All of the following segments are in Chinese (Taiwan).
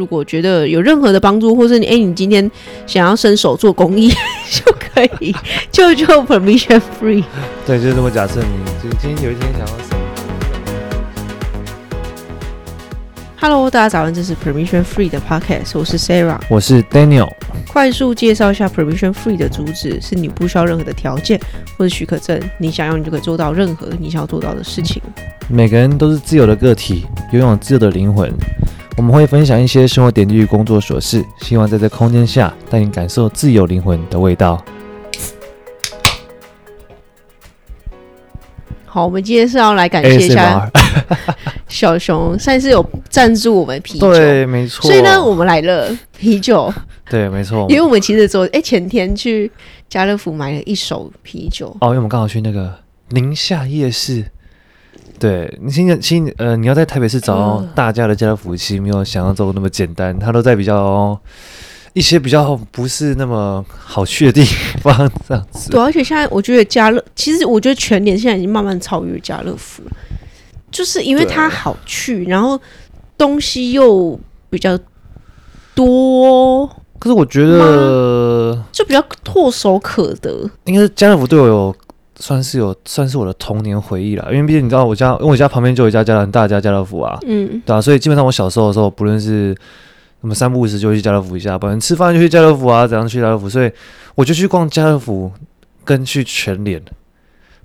如果覺得有任何的幫助，或是你哎，你今天想要伸手做公益 就可以，就就 Permission Free。對，就這麼假設你今天有一天想要。Hello，大家早上，這是 Permission Free 的 Podcast，我是 Sarah，我是 Daniel。快速介紹一下 Permission Free 的主旨：是你不需要任何的條件或者許可證，你想要你就可以做到任何你想要做到的事情。嗯、每個人都是自由的個體，擁有自由的靈魂。我們會分享一些生活點滴與工作瑣事，希望在這空間下帶你感受自由靈魂的味道。好，我們今天是要來感謝一下小熊， 算是有贊助我們的啤酒，對，沒錯。所以呢，我們來了啤酒，對，沒錯。因為我們其實昨哎、欸、前天去家樂福買了一手啤酒，哦，因為我們剛好去那個寧夏夜市。對，你現在、呃，你要在台北市找到大家的家樂福，其實沒有想象中那麼簡單。他都在比較一些比較不是那麼好去的地方這樣子。對，而且現在我覺得家樂，其實我覺得全年現在已經慢慢超越了家樂福，就是因為它好去，然後東西又比較多。可是我覺得就比較唾手可得，應該是家樂福對我有。算是有，算是我的童年回憶了，因為畢竟你知道我家，因為我家旁邊就有一家家樂大的家家樂福啊，嗯，對啊，所以基本上我小時候的時候，不論是什麼三不五時就會去家樂福一下，不然吃飯就去家樂福啊，怎樣去家樂福，所以我就去逛家樂福跟去全聯，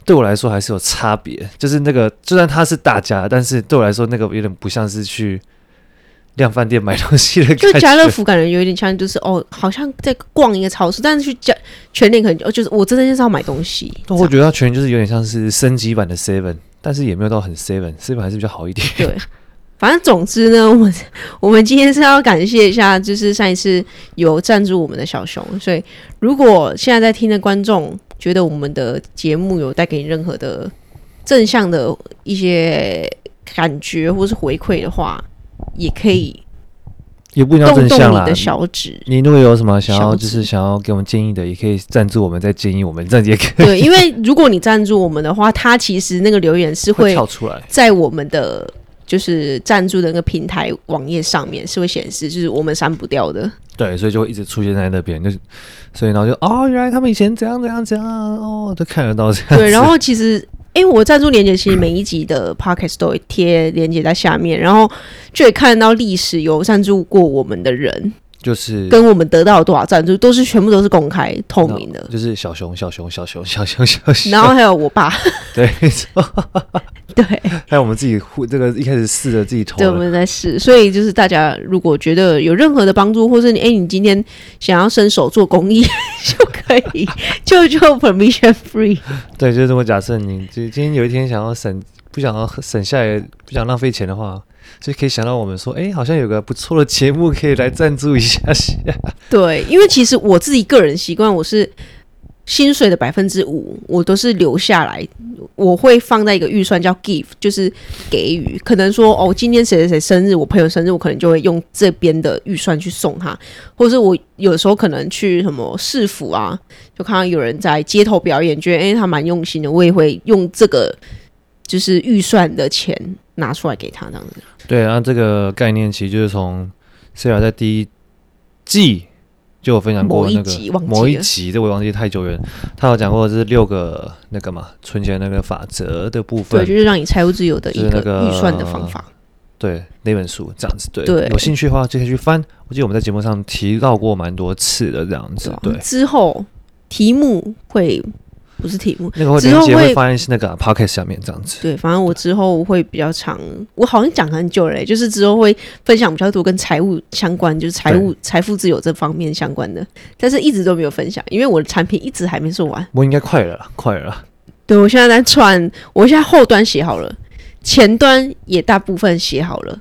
對我來說還是有差別。就是那個，就算他是大家，但是對我來說，那個有點不像是去。量飯店買東西的感覺，就家樂福感覺有點像，就是哦，好像在逛一個超市，但是去家全聯可能，哦，就是我真的就是要買東西。我覺得他全聯就是有點像是升級版的 Seven，但是也沒有到很 Seven，Seven 還是比較好一點。對，反正總之呢，我們我們今天是要感謝一下，就是上一次有贊助我們的小熊。所以，如果現在在聽的觀眾覺得我們的節目有帶給你任何的正向的一些感覺或是回饋的話，也可以，也不一動動你的小指。你如果有什麼想要，就是想要給我們建議的，也可以贊助我們，再建議我們。這樣也可以。對，因為如果你贊助我們的話， 他其實那個留言，是會跳出來，在我們的就是贊助的那個平台網頁上面是會顯示，就是我們刪不掉的。對，所以就會一直出現在那邊。就是所以，然後就哦，原來他們以前怎樣怎樣怎樣哦，都看得到這樣。對，然後其實。哎、欸，我贊助連結其實每一集的 podcast 都會貼連結在下面，然後就可以看到歷史有贊助過我們的人，就是跟我們得到的多少贊助都是全部都是公開透明的。就是小熊，小熊，小熊，小熊，小熊，小熊。然後還有我爸，對，對，還有我們自己，這個一開始試着自己投，對，我們在試。所以就是大家如果覺得有任何的幫助，或是你哎、欸，你今天想要伸手做公益。 就可以，就就 Permission Free。 對，就這麼假設，你就今天有一天想要省，不想要省下來，不想浪費錢的話，就可以想到我們說，哎、欸，好像有個不錯的節目可以來贊助一下下。 對，因為其實我自己個人習慣，我是。薪水的百分之五，我都是留下來，我會放在一個預算叫 give，就是給予。可能說哦，今天誰誰生日，我朋友生日，我可能就會用這邊的預算去送他，或者是我有時候可能去什麼市府啊，就看到有人在街頭表演，覺得誒、欸，他蠻用心的，我也會用這個就是預算的錢拿出來給他這樣子。對啊，這個概念其實就是從 C.R. 在第一季。就我分享過那個一某一集。對，我忘記，太久遠。他有講過的是六個那個嘛，存錢那個法則的部分，對，就是讓你財務自由的一個預算的方法，那個。對，那本書這樣子對，對，有興趣的話就可以去翻。我記得我們在節目上提到過蠻多次的這樣子，對。對啊，之後題目會。不是題目，那個之後我會發現是那個 podcast 下面這樣子。對，反正我之後會比較長，我好像講很久了，欸，就是之後會分享比較多跟財務相關，就是財務、財富自由這方面相關的，但是一直都沒有分享，因為我的產品一直還沒做完。我應該快了，快了。對，我現在在串，我現在後端寫好了，前端也大部分寫好了。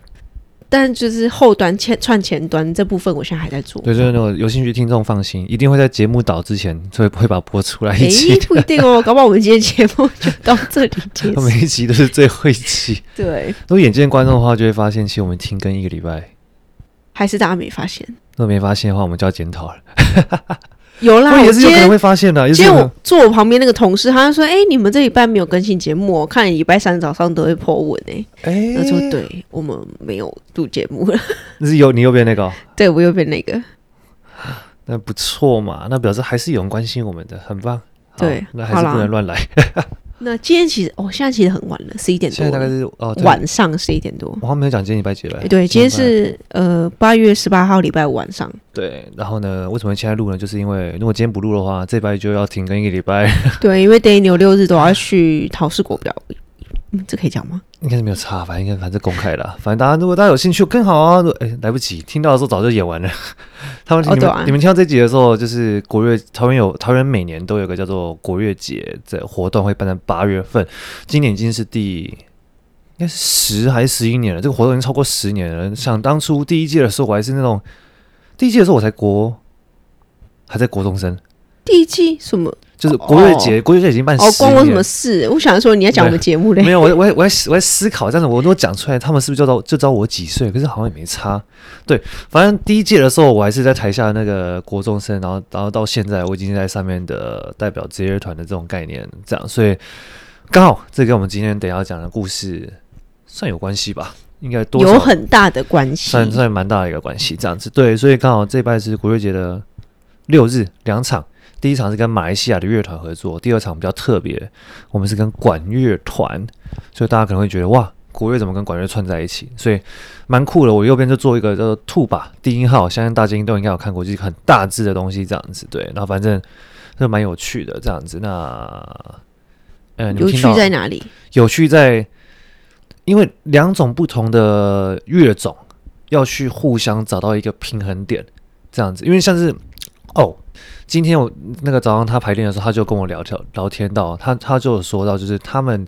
但就是後端前串前端這部分，我現在還在做。對，對，對，對，所以那種有興趣聽眾放心，一定會在節目倒之前就會會把播出來一期、欸。不一定哦，搞不好我們今天節目就到這裡結束。 每一集都是最後一集。 對。如果眼見觀眾的話，就會發現，其實我們停更一個禮拜，還是大家沒發現。如果沒發現的話，我們就要檢討了。 有啦，我今天我坐我，我旁邊那個同事，他就說：“哎、欸，你們這禮拜沒有更新節目，哦，看禮拜三早上都會破萬、欸。哎、欸。說”就對，我們沒有錄節目了。那是有你右邊那個、哦？對，我右邊那個。那不錯嘛，那表示還是有人關心我們的，很棒。對，那還是不能亂來。 那今天其實，哦，現在其實很晚了，十一點多。現在大概是哦，晚上十一點多。我還沒有講今天禮拜幾來？對，今天是呃八月十八號禮拜五晚上。對，然後呢，為什麼現在錄呢？就是因為如果今天不錄的話，這禮拜就要停更一個禮拜。對，因為等於你有六日都要去桃市國表這可以講嗎？應該是沒有差，反正應該反正公開的、啊，反正大家如果大家有興趣更好啊。哎，來不及，聽到的時候早就演完了。他們、oh, 你們、啊、你們聽到這集的時候，就是國樂桃園有桃園每年都有一個叫做國樂節的活動，會辦在八月份。今年已經是第應該是十還是十一年了，這個活動已經超過十年了。想當初第一季的時候，我還是那種第一季的時候我才國還在國中生。第一季什麼？就是國樂節、哦，國樂節已經辦十年哦，關我什麼事？我想說你要我，你在講什麼節目嘞？沒有，我我我在我在思考，這樣子，我都講出來， 他們是不是就找就找我幾歲？可是好像也沒差。對，反正第一屆的時候我還是在台下那個國中生，然後然後到現在我已經在上面的代表職業團的這種概念，這樣，所以剛好這跟我們今天等下要講的故事算有關係吧？應該都有很大的關係，算算蠻大的一個關係，這樣子。對，所以剛好這一拜是國樂節的六日兩場。第一場是跟馬來西亞的樂團合作，第二場比較特別，我們是跟管樂團，所以大家可能會覺得哇，國樂怎麼跟管樂串在一起？所以蠻酷的。我右邊就做一個叫做「Tuba」，低音號，相信大家都應該有看過，就是一個很大隻的東西這樣子。對，然後反正就蠻有趣的這樣子。那呃，有趣在哪裡？有趣在因為兩種不同的樂種要去互相找到一個平衡點，這樣子。因為像是哦。今天我那個早上他排練的時候，他就跟我聊天聊天到他，他就有說到，就是他們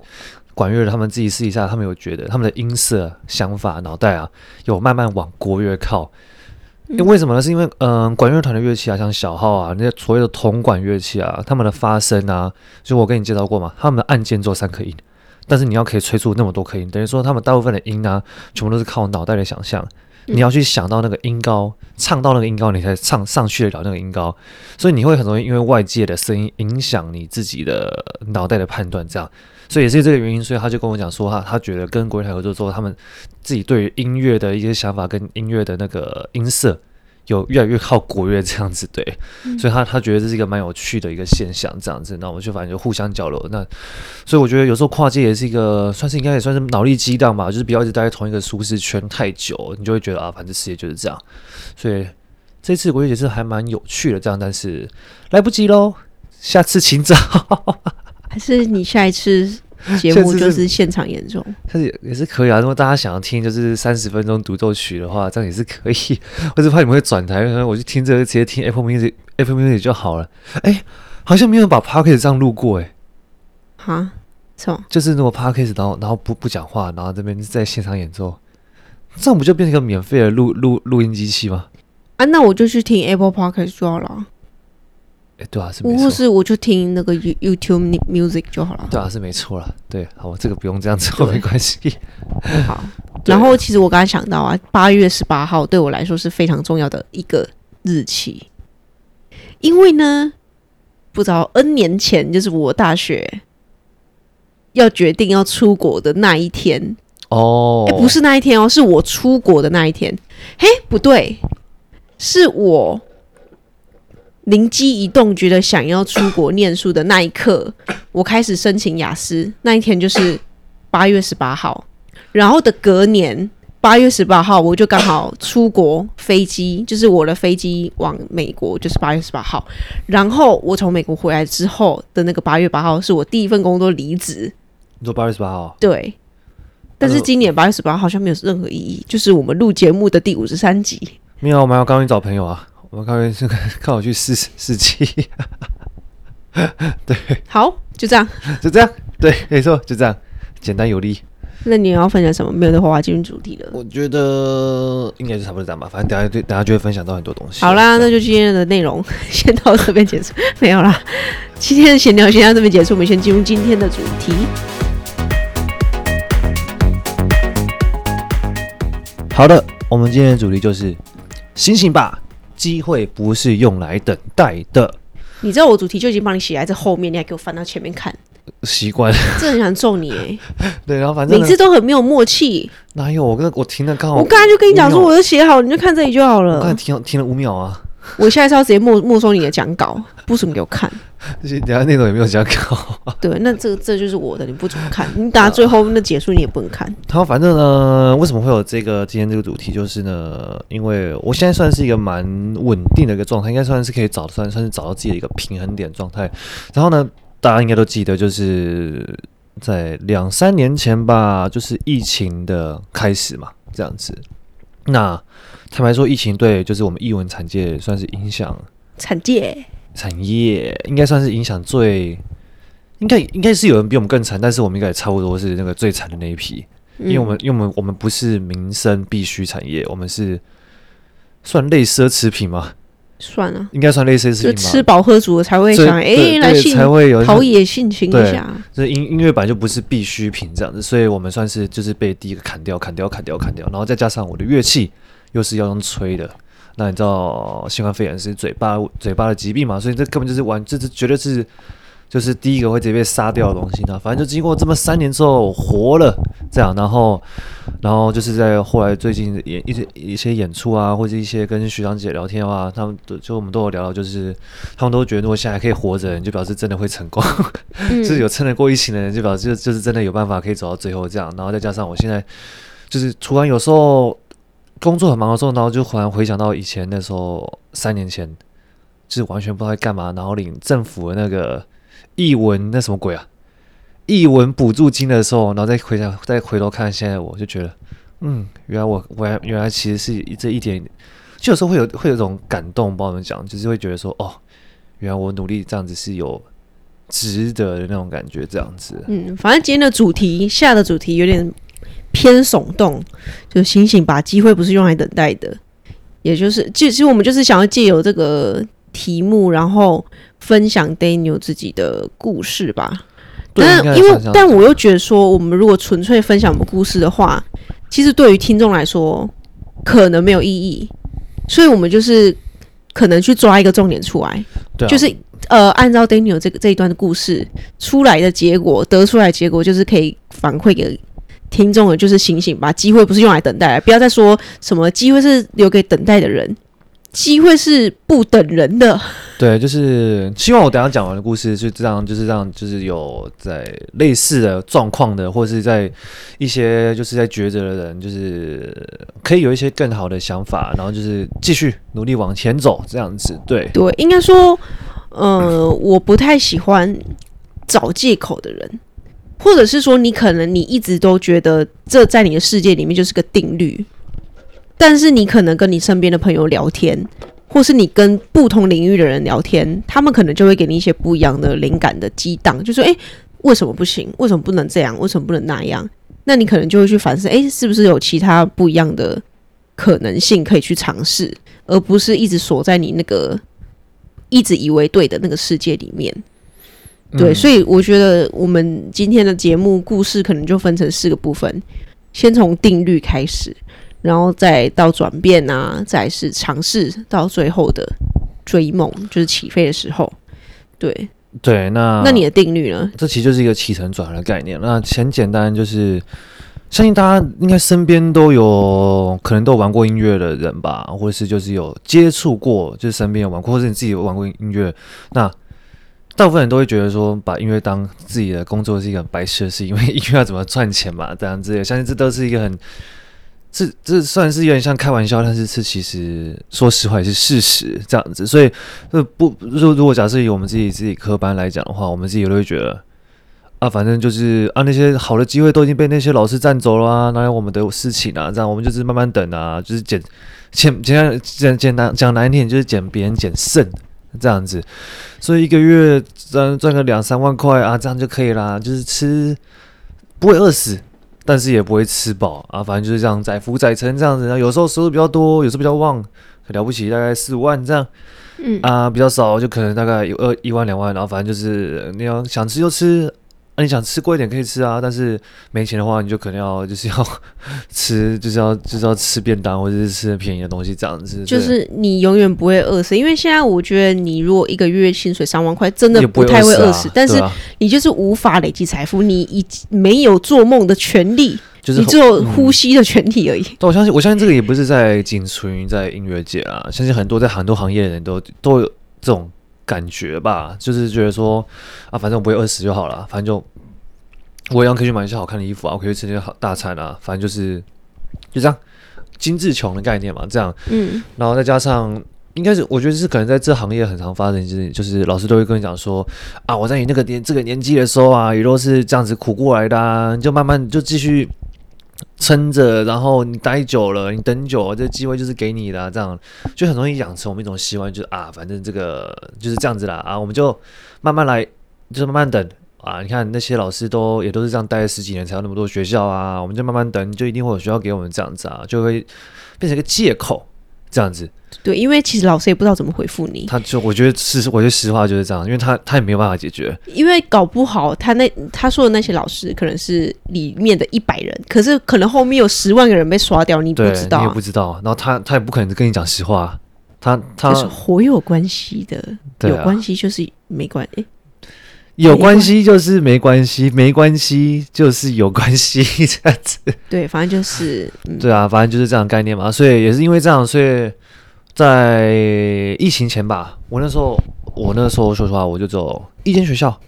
管樂他們自己私底下，他們有覺得他們的音色、想法、腦袋啊，有慢慢往國樂靠。因為什麼呢？是因為嗯、呃，管樂團的樂器啊，像小號啊，那些所謂的銅管樂器啊，他們的發聲啊，就我跟你介紹過嘛，他們的按鍵做三顆音，但是你要可以吹出那麼多顆音，等於說他們大部分的音啊，全部都是靠腦袋的想象。你要去想到那個音高，唱到那個音高，你才唱上去的了那個音高，所以你會很容易因為外界的聲音影響你自己的腦袋的判斷，這樣，所以也是這個原因，所以他就跟我講說他，他他覺得跟國台合作之後，他們自己對於音樂的一些想法跟音樂的那個音色。有越來越靠國樂這樣子，對，嗯、所以他他覺得這是一個蠻有趣的一個現象，這樣子。那我們就反正就互相交流。那所以我覺得有時候跨界也是一個，算是應該也算是腦力激盪吧，就是不要一直待在同一個舒適圈太久，你就會覺得啊，反正世界就是這樣。所以這次國樂節也是還蠻有趣的，這樣，但是來不及嘍，下次請早，還是你下一次。 節目就是現場演奏，但是也是可以啊。如果大家想要聽就是三十分鐘獨奏曲的話，這樣也是可以。我只怕你們會轉台，因為我就聽着直接聽 Apple Music Apple Music 就好了。哎、欸，好像沒有人把 Podcast 這樣錄過哎、欸。哈，錯，就是那個 Podcast 然後然後不不講話，然後這邊在現場演奏，這樣不就變成一個免費的錄錄錄音機器嗎？啊，那我就去聽 Apple Podcast 做了。哎，對啊，是我是我就聽那個 YouTube Music 就好了。對啊，是沒錯啦。對，好，我這個不用這樣子，沒關係。嗯、好。 然後其實我剛剛想到啊，八月十八號對我來說是非常重要的一個日期，因為呢，不知道 N 年前就是我大學要決定要出國的那一天哦。哎、oh.，不是那一天哦，是我出國的那一天。嘿，不對，是我。靈機一動，覺得想要出國念書的那一刻，我開始申請雅思。那一天就是八月十八號，然後的隔年八月十八號，我就剛好出國，飛機就是我的飛機往美國，就是八月十八號。然後我從美國回來之後的那個八月八號，是我第一份工作離職。你說八月十八號？對。但是今年八月十八號好像沒有任何意義，就是我們錄節目的第五十三集。沒有，我們要趕緊找朋友啊。我們看看，我去試試氣。 對，好，就這樣，就這樣，對，沒錯，就這樣，簡單有力。那你要分享什麼？沒有的話，進入主題了。我覺得應該是差不多這樣吧。反正等下就等下就會分享到很多東西。好啦，那就今天的內容先到這邊結束，沒有啦。今天的閒聊先到這邊結束，我們先進入今天的主題。好的，我們今天的主題就是醒醒吧，機會不是用來等待的。你知道我主題就已經幫你寫在這後面，你還給我翻到前面看，習慣。真的很想揍你哎、欸！ 對，然後反正每次都很沒有默契。哪有我跟……我停的剛好，我剛才就跟你講說我都寫好，你就看這裡就好了。我剛才停了停了五秒啊。我現在是要直接沒沒收你的講稿，不准給我看。就是等下內容也沒有講稿，對，那這個這就是我的，你不准看。你打最後那結束，你也不能看，啊。然後反正呢，為什麼會有這個今天這個主題，就是呢，因為我現在算是一個蠻穩定的一個狀態，應該算是可以找，算，算是找到自己的一個平衡點狀態。然後呢，大家應該都記得，就是在兩三年前吧，就是疫情的開始嘛，這樣子。那。坦白說，疫情對就是我們藝文產業算是影響產界，產業應該算是影響最應該，應該應該是有人比我們更慘，但是我們應該也差不多是那個最慘的那一批，因為我們、嗯、因為我們我們不是民生必需產業，我們是算類奢侈品嘛，算啊，應該算類奢侈品，就吃飽喝足了才會想哎來性，才會有陶冶性情一下，這、就是、音音樂本來就不是必需品這樣子，所以我們算是就是被第一個砍掉，砍掉，砍掉，砍掉，砍掉然後再加上我的樂器，又是要用吹的，那你知道新冠肺炎是嘴巴嘴巴的疾病嘛？所以這根本就是完，這是絕對是，就是第一個會直接被殺掉的東西的。反正就經過這麼三年之後活了這樣，然後然後就是在後來最近演一些一些演出啊，或者一些跟學長姐聊天的話，他們都就，就我們都有聊到，就是他們都覺得如果現在可以活着，就表示真的會成功，嗯、 就是有撐得過疫情的人，就表示就是真的有辦法可以走到最後這樣。然後再加上我現在就是突然有時候。工作很忙的時候，然後就忽然回想到以前那時候，三年前，就是完全不知道在幹嘛，然後領政府的那個藝文那什麼鬼啊，藝文補助金的時候，然後再回想，再回頭看現在，我就覺得，嗯，原來我我原,原來其實是這一點，就有時候會有會有種感動，幫我們講，就是會覺得說，哦，原來我努力這樣子是有值得的那種感覺，這樣子。嗯，反正今天的主題，下的主題有點。偏聳動，就醒醒吧。機會不是用來等待的，也就是，就其實我們就是想要借由這個題目，然後分享 Daniel 自己的故事吧。但因為，但我又覺得說，我們如果純粹分享我們故事的話，其實對於聽眾來說可能沒有意義。所以我們就是可能去抓一個重點出來，啊、就是呃，按照 Daniel 這個這一段的故事出來的結果得出來的結果，就是可以反饋給。聽眾的就是醒醒吧！機會不是用來等待的，不要再說什麼機會是留給等待的人，機會是不等人的。對，就是希望我等一下講完的故事，就這樣，就是讓就是有在類似的狀況的，或是在一些就是在抉擇的人，就是可以有一些更好的想法，然後就是繼續努力往前走，這樣子。對對，應該說，嗯、呃， 我不太喜歡找借口的人。或者是說，你可能你一直都覺得這在你的世界裡面就是個定律，但是你可能跟你身邊的朋友聊天，或是你跟不同領域的人聊天，他們可能就會給你一些不一樣的靈感的激盪，就說：“哎，為什麼不行？為什麼不能這樣？為什麼不能那樣？”那你可能就會去反思：“哎，是不是有其他不一樣的可能性可以去嘗試，而不是一直鎖在你那個一直以為對的那個世界裡面。”對、嗯，所以我覺得我們今天的節目故事可能就分成四個部分，先從定律開始，然後再到轉變啊，再是嘗試，到最後的追夢，就是起飛的時候。對，對，那那你的定律呢？這其實就是一個起承轉合的概念。那很簡單，就是相信大家應該身邊都有可能都玩過音樂的人吧，或者是就是有接觸過，就是身邊有玩過，或者是你自己有玩過音樂那。大部分人都會覺得說，把音樂當自己的工作是一個很白痴的事，因為音樂要怎麼賺錢嘛，這樣子。相信這都是一個很，這這雖然是有點像開玩笑，但是是其實說實話也是事實這樣子。所以，呃，不，如果如果假設以我們自己自己科班來講的話，我們自己都會覺得，啊，反正就是啊，那些好的機會都已經被那些老師佔走了啊，哪有我們的事情啊？這樣，我們就是慢慢等啊，就是撿簡簡單簡簡單講難聽點，就是撿別人撿剩。這樣子，所以一個月賺賺個兩三萬塊啊，這樣就可以啦。就是吃不會餓死，但是也不會吃飽啊。反正就是這樣，載浮載沉這樣子。然後有時候收入比較多，有時候比較旺，很了不起大概四五萬這樣。嗯、啊，比較少就可能大概有二一萬兩萬，然後反正就是你要想吃就吃。那、啊、你想吃貴一點可以吃啊，但是沒錢的話，你就可能要就是要吃，就是要就是要吃便當或者是吃便宜的東西這樣子。就是你永遠不會餓死，因為現在我覺得你如果一個月薪水三萬塊，真的不太會餓死，會死，啊。但是你就是無法累積財富，啊、你已經沒有做夢的權利，就是你只有呼吸的權利而已。但、嗯、我相信，我相信這個也不是在僅存於在音樂界啊， 相信很多在很多行業的人都都有這種。感覺吧，就是覺得說啊，反正我不會餓死就好了，反正就我也一樣可以去買一些好看的衣服啊，我可以吃一些好大餐啊，反正就是就這樣，精致窮的概念嘛，這樣，嗯，然後再加上應該是我覺得是可能在這行業很常發生一件事情，就是老師都會跟你講說啊，我在你那個年這個年紀的時候啊，也都是這樣子苦過來的啊，就慢慢就繼續。撐着，然後你待久了，你等久了，這機會就是給你的啊。這樣就很容易養成我們一種習慣，就是啊，反正這個就是這樣子啦啊，我們就慢慢來，就是慢慢等啊。你看那些老師都也都是這樣待了十幾年，才有那麼多學校啊。我們就慢慢等，就一定會有學校給我們這樣子啊，就會變成一個借口。這樣子，對，因為其實老師也不知道怎麼回復你。他就我覺得是，我覺得實話就是這樣，因為他他也沒有辦法解決。因為搞不好他那他說的那些老師可能是裡面的一百人，可是可能後面有十萬個人被刷掉，你不知道、啊對，你也不知道。然後他他也不可能跟你講實話，他他是活有關係的對、啊，有關係就是沒關係。欸有關係就是沒關係，哎，沒關係就是有關係這樣子。對，反正就是，嗯。對啊，反正就是這樣的概念嘛。所以也是因為這樣，所以在疫情前吧，我那時候，我那時候說實話，我就走一間學校。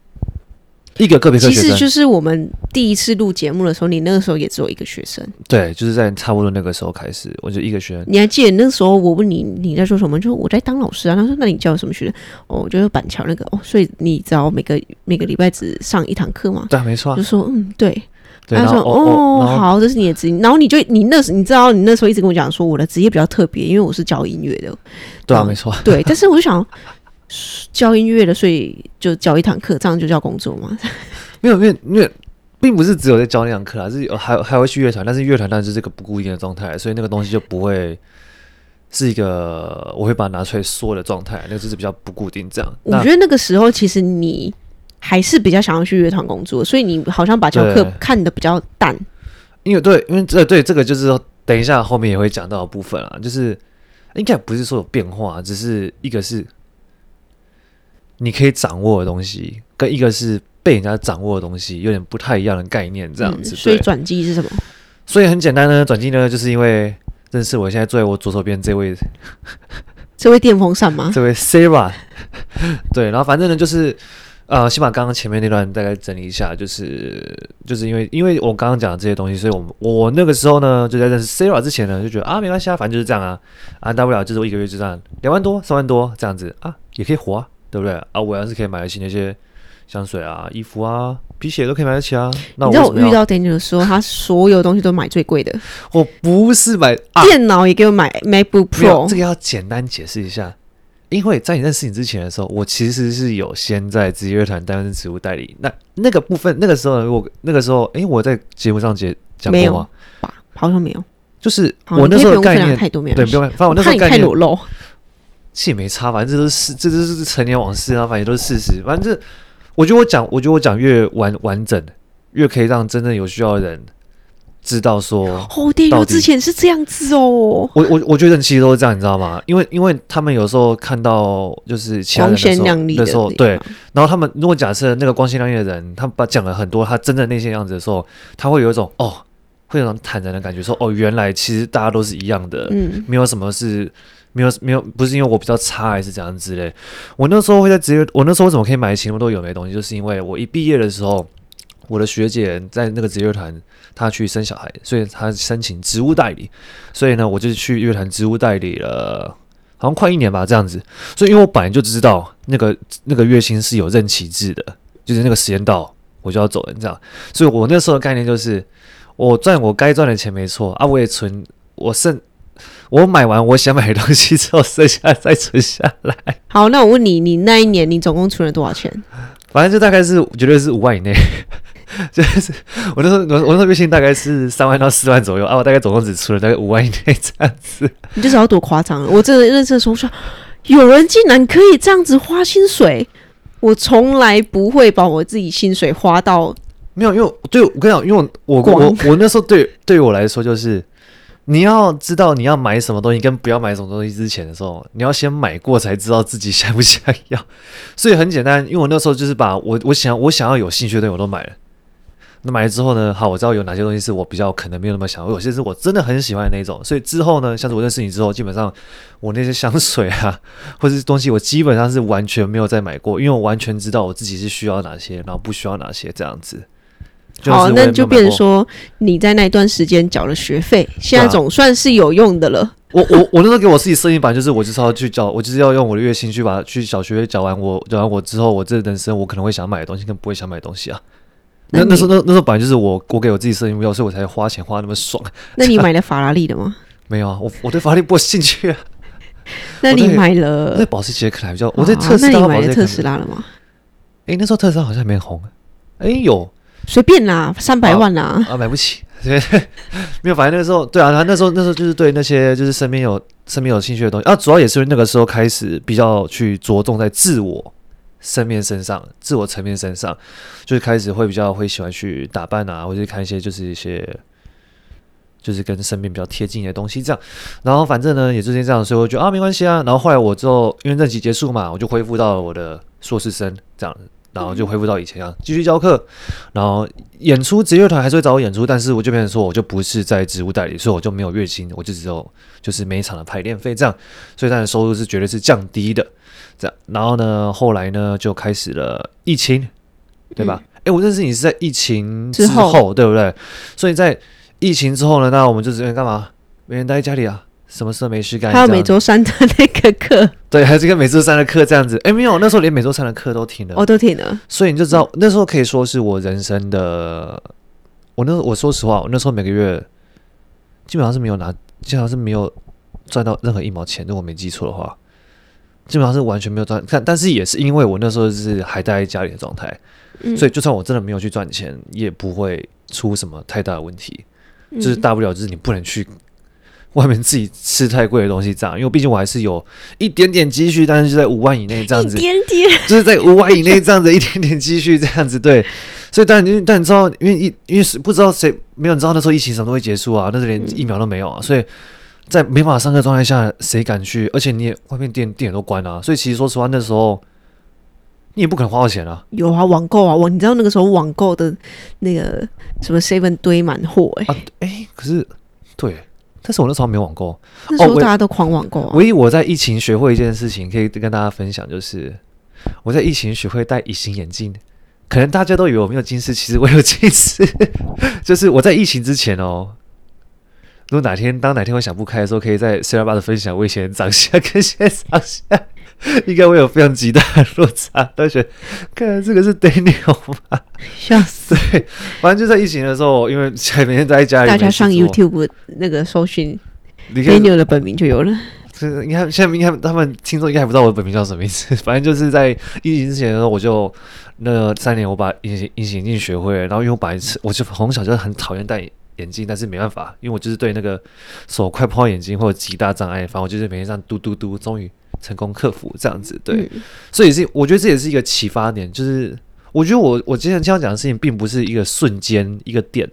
一個個別學生，其實就是我們第一次錄節目的時候，你那個時候也只有一個學生。對，就是在差不多那個時候開始，我就一個學生。你還記得那時候我問你，你在說什麼？就我在當老師啊。他說：“那你教什麼學生？”哦，就是板橋那個。哦，所以你只要每個每個禮拜只上一堂課嘛？對、啊，沒錯、啊。就說嗯，對。他說：“哦，哦，哦，好，這是你的職業。”然後你就你那時你知道你那時候一直跟我講說我的職業比較特別，因為我是教音樂的。對啊，嗯、沒錯。對，但是我就想。 教音樂的，所以就教一堂課，這樣就叫工作嗎？ 沒有，沒有，因為因為並不是只有在教那堂課啊，是還還會去樂團，但是樂團當然就是一個不固定的狀態，所以那個東西就不會是一個我會把它拿出來說的狀態，那個就是比較不固定這樣。我覺得那個時候其實你還是比較想要去樂團工作，所以你好像把教課看得比較淡。因為，對，因為這對這個就是等一下後面也會講到的部分啊，就是應該不是說有變化，只是一個是。你可以掌握的東西，跟一個是被人家掌握的東西，有點不太一樣的概念，這樣子。嗯、所以轉機是什麼？所以很簡單呢，轉機呢，就是因為認識我現在坐在我左手邊這位， 這位電風扇嗎？這位 Sara。 對，然後反正呢，就是呃，先把剛剛前面那段大概整理一下，就是就是因為因為我剛剛講的這些東西，所以我我那個時候呢，就在認識 Sara 之前呢，就覺得啊，沒關係啊，反正就是這樣啊，啊，大不了就是我一個月就這樣，兩萬多、三萬多這樣子啊，也可以活啊。對不對啊？我要是可以買得起那些香水啊、衣服啊、皮鞋都可以買得起啊。那你知道我遇到 Daniel 的時候， 他所有東西都買最貴的。我不是買、啊、電腦也給我買 MacBook Pro，這個要簡單解釋一下。因為在你認識你之前的時候，我其實是有先在職業樂團擔任職務代理。那那個部分，那個時候我那個時候，因、欸、為我在節目上講講過嗎沒有？好像沒有。就是我那時候概念、哦、太多沒，沒有對，不要，反正我那個我看，怕你太裸露。其實也沒差，反正這都是事，這是陳年往事啊，反正都是事實。反正我覺得我講，我覺得我講越完完整，越可以讓真正有需要的人知道說，好、哦，天，我之前是這樣子哦。我我我覺得其實都是這樣，你知道嗎？因為因為他們有時候看到就是其他人光鮮亮麗的時候，對，然後他們如果假設那個光鮮亮麗的人，他把講了很多他真的那些樣子的時候，他會有一種哦，會有種坦然的感覺說，說哦，原來其實大家都是一樣的，嗯，沒有什麼是。沒有沒有，不是因為我比較差還是怎樣之類。我那時候會在職業，我那時候怎麼可以買得起那麼多有的沒的東西，就是因為我一畢業的時候，我的學姐在那個職業團，她去生小孩，所以她申請職務代理，所以呢，我就去樂團職務代理了，好像快一年吧這樣子。所以因為我本來就知道那個那個月薪是有任期制的，就是那個時間到我就要走人這樣。所以我那時候的概念就是，我賺我該賺的錢沒錯啊，我也存我剩。我買完我想買的東西之後，剩下再存下來。好，那我問你，你那一年你總共存了多少錢？反正就大概是，絕對是五萬以內。 就是，我那時候我，我那時候月薪大概是三萬到四萬左右啊。我大概總共只存了大概五萬以內這樣子。你就知道多誇張了！我真的認識的時候說，有人竟然可以這樣子花薪水，我從來不會把我自己薪水花到沒有，因為我，對，我跟你講，因為我我我，我那時候對對我來說就是。你要知道你要買什麼東西跟不要買什麼東西之前的時候，你要先買過才知道自己想不想要。所以很簡單，因為我那時候就是把我我想我想要有興趣的東西我都買了。那買了之後呢，好，我知道有哪些東西是我比較可能沒有那麼想，有些是我真的很喜歡的那種。所以之後呢，像是我認識你之後，基本上我那些香水啊或者東西，我基本上是完全沒有再買過，因為我完全知道我自己是需要哪些，然後不需要哪些這樣子。好，那就變成說你在那一段時間繳了學費，現在總算是有用的了。我我我那時候給我自己設定版，就是我就是要去繳，我就是要用我的月薪去把去小學繳完我。我繳完我之後，我這人生我可能會想買的東西跟不會想買東西啊。那那，那時候那那時候本來就是我我給我自己設定目標，所以我才花錢花那麼爽。那你買了法拉利的嗎？沒有啊，我我對法拉利不感興趣、啊 那啊。那你買了那保時捷看起來比較，啊、我在特斯拉、啊、買的、欸、特斯拉了嗎？誒、欸，那時候特斯拉好像還沒紅。誒、欸，有。隨便吶、啊，三百萬啦、啊啊。啊，買不起，對，沒有。反正那個時候，對啊，他那時候那時候就是對那些就是身邊有身邊有興趣的東西啊，主要也是因為那個時候開始比較去着重在自我身邊身上、自我層面身上，就是開始會比較會喜歡去打扮啊，或者看一些就是一些就是跟身邊比較貼近的東西這樣。然後反正呢，也就是這樣，所以我就覺得啊，沒關係啊。然後後來我就因為那期結束嘛，我就恢復到了我的碩士生這樣。然後就恢復到以前啊，繼續教課，然後演出職業團還是會找我演出，但是我就變成說我就不是在職務代理，所以我就沒有月薪，我就只有就是每一場的排練費這樣，所以他的收入是絕對是降低的，這樣。然後呢，後來呢就開始了疫情，對吧？哎、嗯，我認識你是在疫情之後，之後，對不對？所以在疫情之後呢，那我們就只能幹嘛？沒人待在家裡啊。什麼時候沒事幹？還有每周三的那個課，對，還是跟個每周三的課這樣子。哎、欸，沒有，那時候連每周三的課都停了，我、哦、都停了。所以你就知道，那時候可以說是我人生的，我那我說實話，我那時候每個月基本上是沒有拿，基本上是沒有賺到任何一毛錢。如果我沒記錯的話，基本上是完全沒有賺。但但是也是因為我那時候是還待在家裡的狀態、嗯，所以就算我真的沒有去賺錢，也不會出什麼太大的問題。嗯、就是大不了就是你不能去。外面自己吃太貴的東西，這樣，因為畢竟我還是有一點點積蓄，但是就在五萬以內這樣子，一點點，就是在五萬以內這樣子 一點點積蓄這樣子，對，所以但你但你知道，因為疫因為是不知道誰沒有，你知道那時候疫情什麼都會結束啊，那時候連疫苗都沒有啊，所以在沒辦法上課狀態下，誰敢去？而且你也外面店店都關啊，所以其實說實話，那時候你也不可能花到錢啊，有啊，網購啊，我你知道那個時候網購的那個什麼 Seven 堆滿貨哎哎，可是對。但是我那時候沒網購，那時候大家都狂網購，啊哦。唯一我在疫情學會一件事情，可以跟大家分享，就是我在疫情學會戴隱形眼鏡。可能大家都以為我沒有近視，其實我有近視。就是我在疫情之前哦，如果哪天當哪天我想不開的時候，可以在 C 二八的分享，我以前長相跟現在長相。 應該會有非常極大的落差。但是看來這個是 Daniel 吧？笑死！反正就在疫情的時候，因為前面在家裡面，大家上 YouTube 那個搜尋 Daniel 的本名就有了。是，你看現在應，應該他們聽眾應該還不知道我的本名叫什麼名字。反正就是在疫情之前的時候，我就那三年我把隱形隱形眼鏡學會了，然後因為我白痴，我就從小就很討厭戴。眼睛，但是沒辦法，因為我就是對那個手快拋眼睛或者極大障礙，反正我就是每天這樣嘟嘟嘟，終於成功克服這樣子。對，嗯、所以是我覺得這也是一個啟發點，就是我覺得我我今天這樣講的事情，並不是一個瞬間一個點，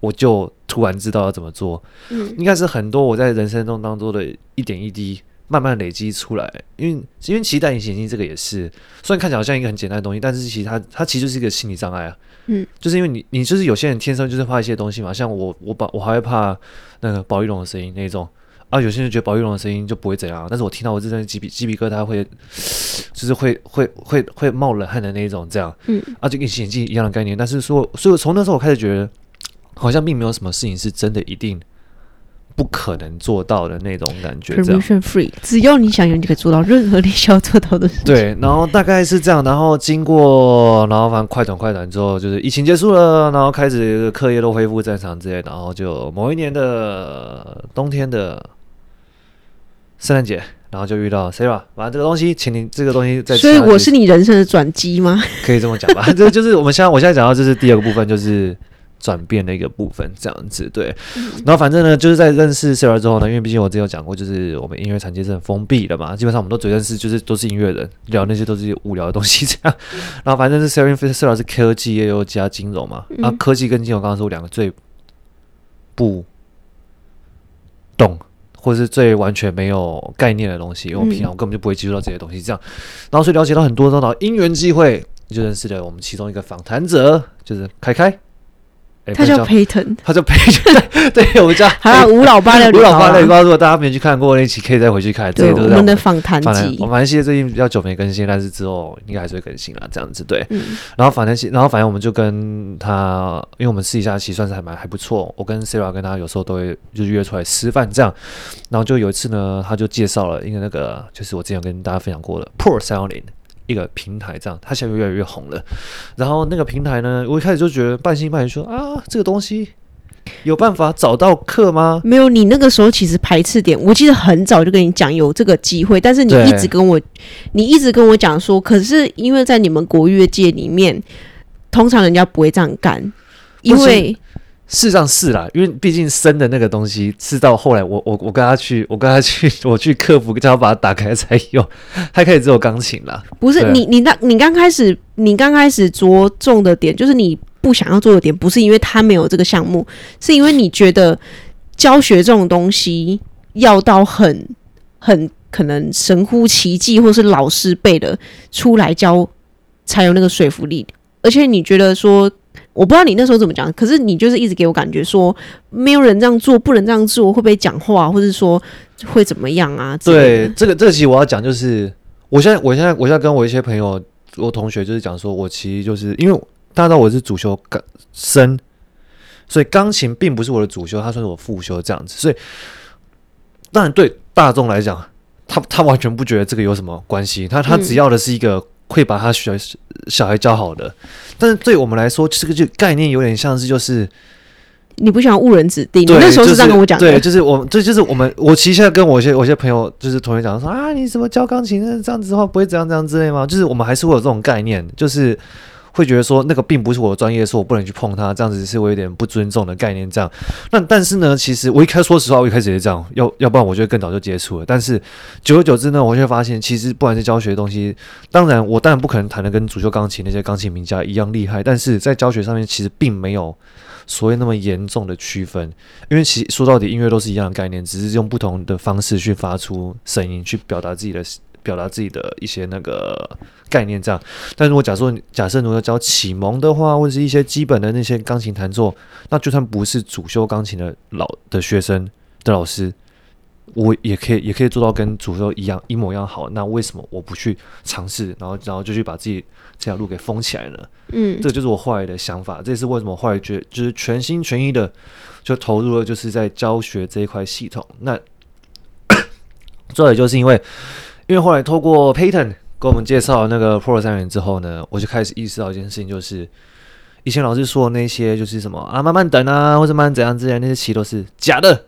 我就突然知道要怎麼做，嗯、應該是很多我在人生中當中的一點一滴。慢慢累積出來，因為因為其實戴隱形眼鏡這個也是，雖然看起來好像一個很簡單的東西，但是其實它它其實就是一個心理障礙啊。嗯，就是因為你你就是有些人天生就是怕一些東西嘛，像我我把我還會怕那個保麗龍的聲音那一種啊，有些人覺得保麗龍的聲音就不會怎樣，但是我聽到我這陣雞皮雞皮疙瘩會，就是會會會會冒冷汗的那一種這樣。嗯，啊就跟隱形眼鏡一樣的概念，但是說所以我從那時候我開始覺得，好像並沒有什麼事情是真的一定不可能做到的那種感覺，這樣，Permission free，只要你想用，你可以做到任何你想要做到的事情。對，然後大概是這樣，然後經過，然後反正快轉快轉之後，就是疫情結束了，然後開始課業都恢復正常之類，然後就某一年的冬天的聖誕節，然後就遇到 Sara，反這個東西，請你這個東西在。所以我是你人生的轉機嗎？可以這麼講吧？ 這就是我們現在我現在講到，這是第二個部分，就是。轉變的一個部分，這樣子對。然後反正呢，就是在認識 Sara 之後呢，因為畢竟我之前有講過，就是我們音樂產業是很封閉的嘛，基本上我們都只認識，就是都是音樂人，聊那些都是些無聊的東西這樣。嗯、然後反正，是 Sara 是科技也有加金融嘛，那、嗯、科技跟金融剛剛是我兩個最不懂，或是最完全沒有概念的東西，因為我平常我根本就不會接觸到這些東西這樣。然後所以了解到很多的音源，然後因緣機會就認識了我們其中一個訪談者，就是凱凱。他叫 Payton，他叫 Payton，Payton, 對，我們叫 Payton，還，還有吳老爸的、吳老爸的。不知道如果大家沒去看過，那期可以再回去看。對，我們、我們的訪談集，反正我蠻期待，最近比較久沒更新，但是之後應該還是會更新啦。這樣子對、嗯。然後訪談，然後反正我們就跟他，因為我們私底下其實算是還蠻還不錯。我跟 Sara 跟他有時候都會就約出來吃飯這樣。然後就有一次呢，他就介紹了因為那個，就是我之前有跟大家分享過的 Port s a l i n 一個平台，這樣，他現在越來越紅了。然後那個平台呢，我一開始就覺得半信半疑，說啊，這個東西有辦法找到課嗎？沒有。你那個時候其實排斥點，我記得很早就跟你講有這個機會，但是你一直跟我，你一直跟我講說，可是因為在你們國樂界裡面，通常人家不會這樣幹，因為。事實上是啦，因為畢竟生的那個東西吃到後來我，我我我跟他去，我跟他去，我去克服，叫他把它打開才用。他開始做鋼琴了。不是，你你那你剛開始你剛開始着重的點，就是你不想要做的點，不是因為他沒有這個項目，是因為你覺得教學這種東西要到很很可能神乎其技，或是老師背的出來教才有那個說服力，而且你覺得說。我不知道你那時候怎麼講，可是你就是一直給我感覺說沒有人這樣做，不能這樣做，會不會講話，或者說會怎麼樣啊？對，這、這個這個、其實我要講，就是我現在我現在我現在跟我一些朋友、我同學就是講，說我其實就是因為，大家知道我是主修、呃、生。所以鋼琴並不是我的主修，它算是我副修這樣子。所以當然對大眾來講，他他完全不覺得這個有什麼關係，他他只要的是一個。嗯會把他小小孩教好的，但是對我們來說，這、就是、個就概念有點像是就是你不喜歡誤人子弟。你那時候是這樣跟我講，對，就是我，這就，就是我們。我其實現在跟我一些、我一些朋友，就是同學講說 啊，你怎麼教鋼琴？那這樣子的話，不會怎樣、這樣之類嗎？就是我們還是會有這種概念就是。會覺得說那個並不是我的專業，是我不能去碰它，這樣子是我有點不尊重的概念，這樣，那但是呢，其實我一開始說實話，我一開始也是這樣，要要不然我就會更早就接觸了。但是久而久之呢，我就會發現其實不管是教學的東西，當然我當然不可能彈得跟主修鋼琴那些鋼琴名家一樣厲害，但是在教學上面其實並沒有所謂那麼嚴重的區分，因為其說到底音樂都是一樣的概念，只是用不同的方式去發出聲音去表達自己的，表達自己的一些那個概念，這樣。但如果假設假設你要教啟蒙的話，或者是一些基本的那些鋼琴彈奏，那就算不是主修鋼琴的老的學生的老師，我也可以也可以做到跟主修一樣一模一樣好。那為什麼我不去嘗試？然後然後就去把自己這條路給封起來呢？嗯，這個、就是我後來的想法。這也是為什麼後來決就是全心全意的就投入了，就是在教學這一塊系統。那做的 就是因為。因為後來透過 Payton 給我們介紹那個《Pro 3元之後呢，我就開始意識到一件事情，就是以前老師說的那些就是什麼啊，慢慢等啊，或者慢慢怎樣之類的，那些其實都是假的，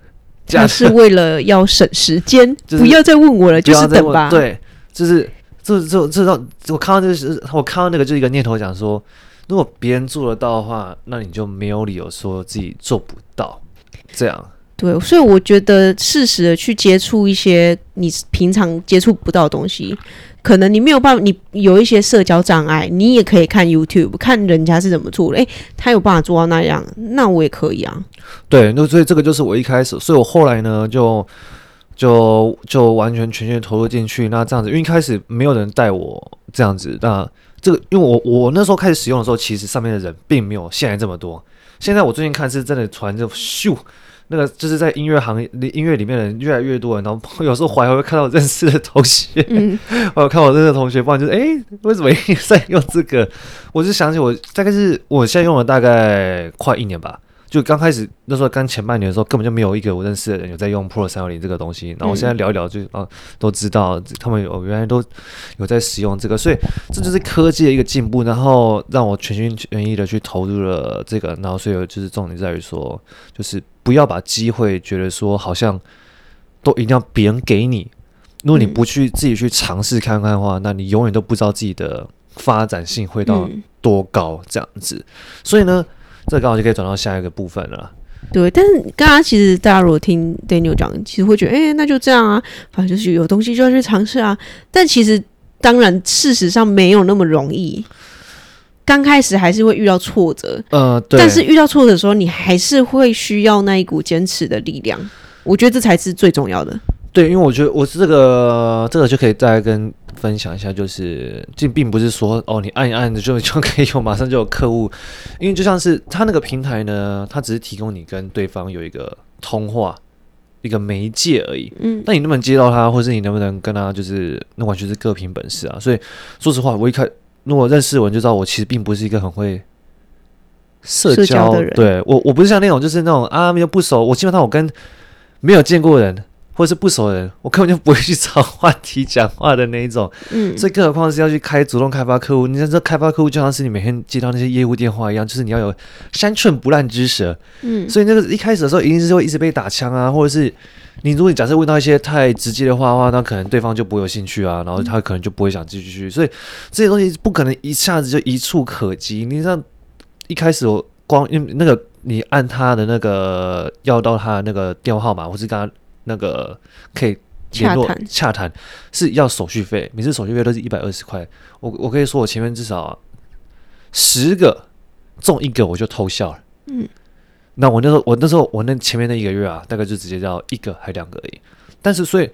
那是為了要省時間，就是，不要再問我了，就是等吧。對，就是這這這讓我看到，這個是我看到那個就一個念頭，講說如果別人做得到的話，那你就沒有理由說自己做不到，這樣。對，所以我覺得適時的去接觸一些你平常接觸不到的東西，可能你沒有辦法，你有一些社交障礙，你也可以看 YouTube，看人家是怎麼做的，哎，他有辦法做到那樣，那我也可以啊。對，那所以這個就是我一開始，所以我後來呢，就就就完全全全投入進去。那這樣子，因為一開始沒有人帶我這樣子，那這個因為我我那時候開始使用的時候，其實上面的人並沒有現在這麼多。現在我最近看是真的傳著咻。那個就是在音樂行業、音樂裡面的人越來越多，然後有時候還會看到我認識的同學，我、嗯、有看我認識的同學，不然就是哎、欸，為什麼一直在用這個？我就想起我大概是我現在用了大概快一年吧。就剛開始那時候，剛前半年的時候，根本就沒有一個我認識的人有在用 PRO360 這個東西。然後我現在聊一聊就，就、嗯、啊，都知道他們有原來都有在使用這個，所以這就是科技的一個進步。然後讓我全心全意的去投入了這個。然後所以就是重點在於說，就是不要把機會覺得說好像都一定要別人給你。如果你不去自己去嘗試看看的話，那你永遠都不知道自己的發展性會到多高這樣子。嗯嗯、所以呢。這剛好就可以轉到下一個部分了。對，但是剛剛其實大家如果聽 Daniel 講，其實會覺得，哎、欸，那就這樣啊，反正就是有東西就要去嘗試啊。但其實當然事實上沒有那麼容易，剛開始還是會遇到挫折。呃，對。但是遇到挫折的時候，你還是會需要那一股堅持的力量。我覺得這才是最重要的。對，因為我覺得我這個這個就可以再跟分享一下，就是這並不是說哦，你按一按的就就可以有，馬上就有客戶。因為就像是他那個平台呢，他只是提供你跟對方有一個通話一個媒介而已。嗯，那你能不能接到他，或是你能不能跟他，就是那完全是各憑本事啊。所以說實話，我一看如果認識我，就知道我其實並不是一個很會社交，社交的人。對，我我不是像那種就是那種啊又不熟，我基本上我跟沒有見過的人，或者是不熟的人，我根本就不會去找話題講話的那一種，嗯，所以更何況是要去開主動開發客戶，你像這開發客戶就像是你每天接到那些業務電話一樣，就是你要有三寸不爛之舌，嗯，所以那個一開始的時候一定是會一直被打槍啊，或者是你如果你假設問到一些太直接的話的話，那可能對方就不會有興趣啊，然後他可能就不會想繼續去，嗯，所以這些東西不可能一下子就一觸可及，你像一開始我光那個你按他的那個要到他的那個電話號碼，或是剛。那個可以聯絡洽談，是要手續費，每次手續費都是一百二十塊。我我可以說，我前面至少啊十個中一個，我就偷笑了。嗯，那我那時候，我那時候，我那前面那一個月啊，大概就直接要一個還兩個而已。但是，所以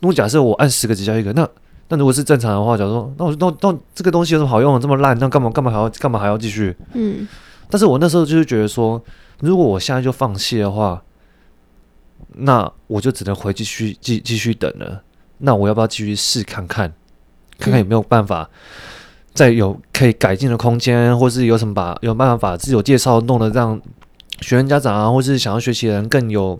如果假設我按十個只交一個，那那如果是正常的話，假如說，那我那那這個東西有什麼好用這麼爛，那幹嘛幹嘛還要幹嘛還要繼續？嗯。但是我那時候就是覺得說，如果我現在就放棄的話。那我就只能回去繼續繼繼續等了。那我要不要繼續試看看，嗯、看看有沒有辦法再有可以改進的空間，或是有什麼把有辦法把自我介紹弄得讓學生家長啊，或是想要學習的人更有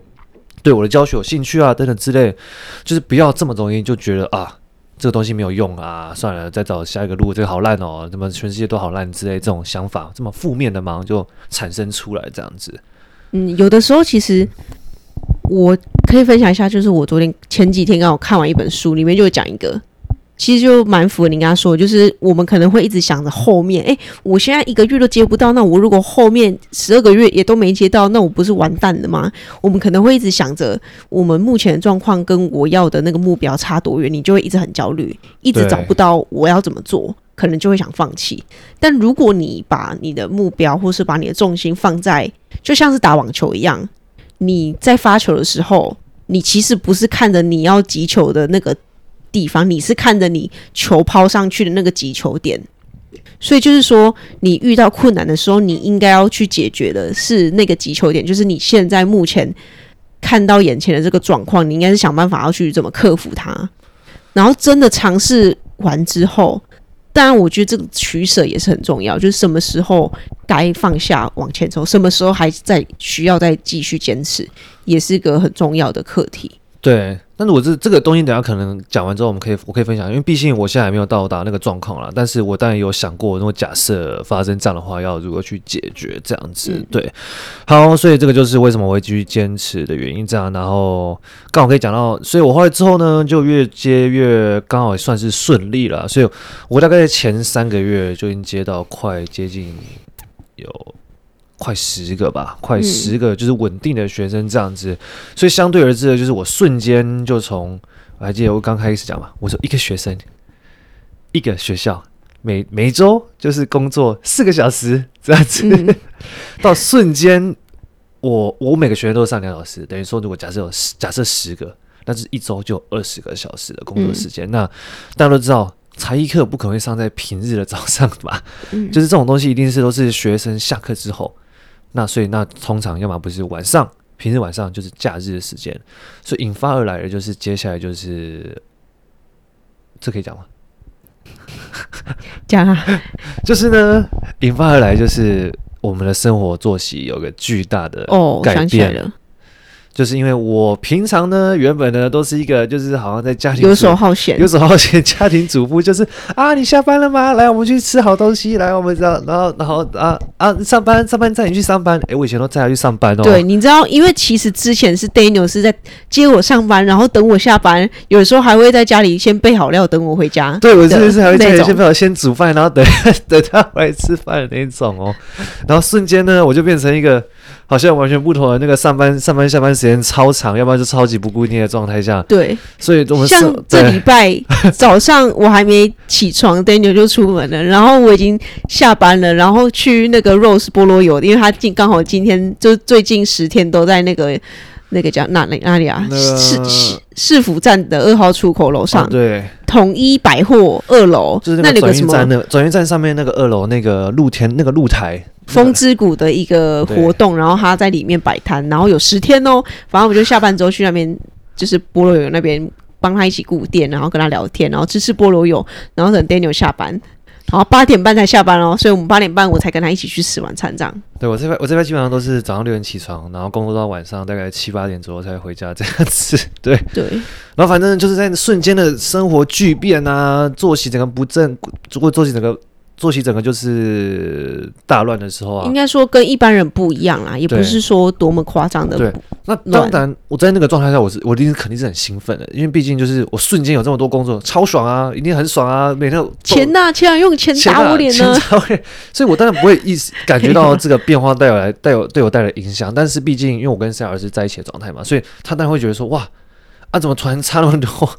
對我的教學有興趣啊，等等之類，就是不要這麼容易就覺得啊，這個東西沒有用啊，算了，再找下一個路，這個好爛哦，怎麼全世界都好爛之類，這種想法這麼負面的馬上就產生出來這樣子。嗯，有的時候其實。我可以分享一下，就是我昨天前幾天剛好看完一本書，裡面就講一個，其實就蠻符合你剛剛說，就是我們可能會一直想着後面，誒、欸，我現在一個月都接不到，那我如果後面十二個月也都沒接到，那我不是完蛋了嗎？我們可能會一直想着我們目前的狀況跟我要的那個目標差多遠，你就會一直很焦慮，一直找不到我要怎麼做，可能就會想放棄。但如果你把你的目標，或是把你的重心放在，就像是打網球一樣。你在發球的時候，你其實不是看着你要擊球的那個地方，你是看着你球拋上去的那個擊球點。所以就是說，你遇到困難的時候，你應該要去解決的是那個擊球點，就是你現在目前看到眼前的這個狀況，你應該是想辦法要去怎麼克服它。然後真的嘗試完之後。當然，我覺得這個取舍也是很重要，就是什麼時候該放下往前走，什麼時候還在需要再繼續堅持，也是一個很重要的課題。對，但是我這這這個東西，等下可能講完之後，我們可以我可以分享，因為畢竟我現在還沒有到達那個狀況啦，但是我當然有想過，如果假設發生這樣的話，要如何去解決這樣子。對，好，所以這個就是為什麼我會繼續堅持的原因。這樣，然後剛好可以講到，所以我後來之後呢，就越接越剛好也算是順利啦。所以我大概前三個月就已經接到快接近有。快十個吧，快十個就是穩定的學生這樣子，嗯，所以相對而知的就是我瞬間就從，我還記得我剛開始講嘛，我說一個學生，一個學校，每每周就是工作四個小時這樣子，嗯、到瞬間我我每個學生都是上兩小時，等於說如果假設有假設十個，那就是一周就二十個小時的工作時間。嗯、那大家都知道才藝課不可能會上在平日的早上吧？就是這種東西一定是都是學生下課之後。那所以那通常要麼不是晚上，平日晚上就是假日的時間，所以引發而來的就是接下來就是，這可以講嗎？講啊， 就是呢，引發而來就是我們的生活作息有個巨大的改變、哦就是因為我平常呢，原本呢都是一個，就是好像在家裡遊手好閒、遊手好閒家庭主婦，就是啊，你下班了嗎？來，我們去吃好東西。來，我們知道，然後，然後啊啊，上班上班，載你去上班。哎、欸，我以前都載他去上班哦、喔。對，你知道，因為其實之前是 Daniel 是在接我上班，然後等我下班，有時候還會在家裡先備好料，等我回家。對，我是不是還會在家裡先備好先煮飯，然後等等他回來吃飯的那一種哦、喔。然後瞬間呢，我就變成一個。好像完全不同的那個上班、上班、下班時間超長，要不然就超級不固定的狀態下。對，所以我們像這禮拜早上我還沒起床 ，Daniel 就出門了，然後我已經下班了，然後去那個 Rose 菠蘿油，因為他今剛好今天就最近十天都在那個那個叫哪裡哪裡啊？市市府站的二號出口樓上、啊，對，統一百貨二樓，就是，那有個轉運站的轉運站上面那個二樓那個露天那個露台。風之谷的一個活動，然後他在裡面擺攤，然後有十天哦。反正我們就下班之後去那邊， 就是菠蘿油那邊幫他一起顧店，然後跟他聊天，然後支持菠蘿油，然後等 Daniel 下班，然後八點半才下班哦。所以我們八點半我才跟他一起去吃晚餐。這樣。對，我這邊我這邊基本上都是早上六點起床，然後工作到晚上大概七八點左右才回家這樣子。對對。然後反正就是在瞬間的生活巨變啊，作息整個不正，如果作息整個。作息整個就是大亂的時候啊，應該說跟一般人不一樣啊，也不是說多麼誇張的對。對，那當然，我在那個狀態下我，我是我一定肯定是很興奮的，因為畢竟就是我瞬間有這麼多工作，超爽啊，一定很爽啊，每天錢吶，錢用錢打我臉呢，打我臉，所以，我當然不會意思感覺到這個變化帶有來、 帶有對我帶來影響。但是，畢竟因為我跟 Sara 是在一起的狀態嘛，所以他當然會覺得說，哇，啊，怎麼突然差那麼多？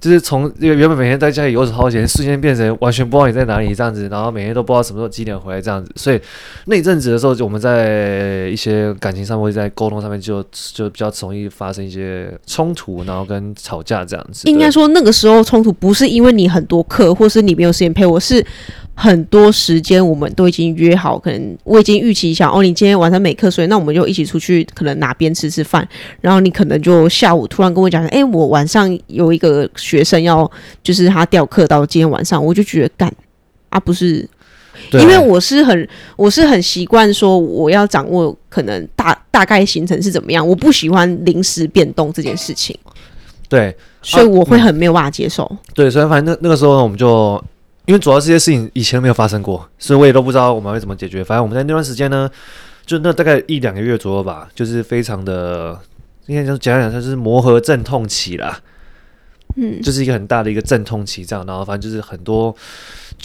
就是從原原本每天在家裡遊手好閒，瞬間變成完全不知道你在哪裡這樣子，然後每天都不知道什麼時候幾點回來這樣子，所以那一陣子的時候，就我們在一些感情上或是在溝通上面就，就就比較容易發生一些衝突，然後跟吵架這樣子。應該說那個時候衝突不是因為你很多課，或是你沒有時間陪我，是很多時間我們都已經約好，可能我已經預期想，哦，你今天晚上沒課，所以那我們就一起出去，可能哪邊吃吃飯，然後你可能就下午突然跟我講，哎、欸，我晚上有一個。學生要就是他調課到今天晚上，我就覺得幹啊不是啊，因為我是很我是很習慣說我要掌握可能大大概行程是怎麼樣，我不喜歡臨時變動這件事情。對，所以我會很沒有辦法接受。啊嗯、對，所以反正那那個時候我們就因為主要這些事情以前沒有發生過，所以我也都不知道我們會怎麼解決。反正我們在那段時間呢，就那大概一兩個月左右吧，就是非常的應該講簡單講就是磨合陣痛期啦。嗯，就是一個很大的一個陣痛期，這樣，然後反正就是很多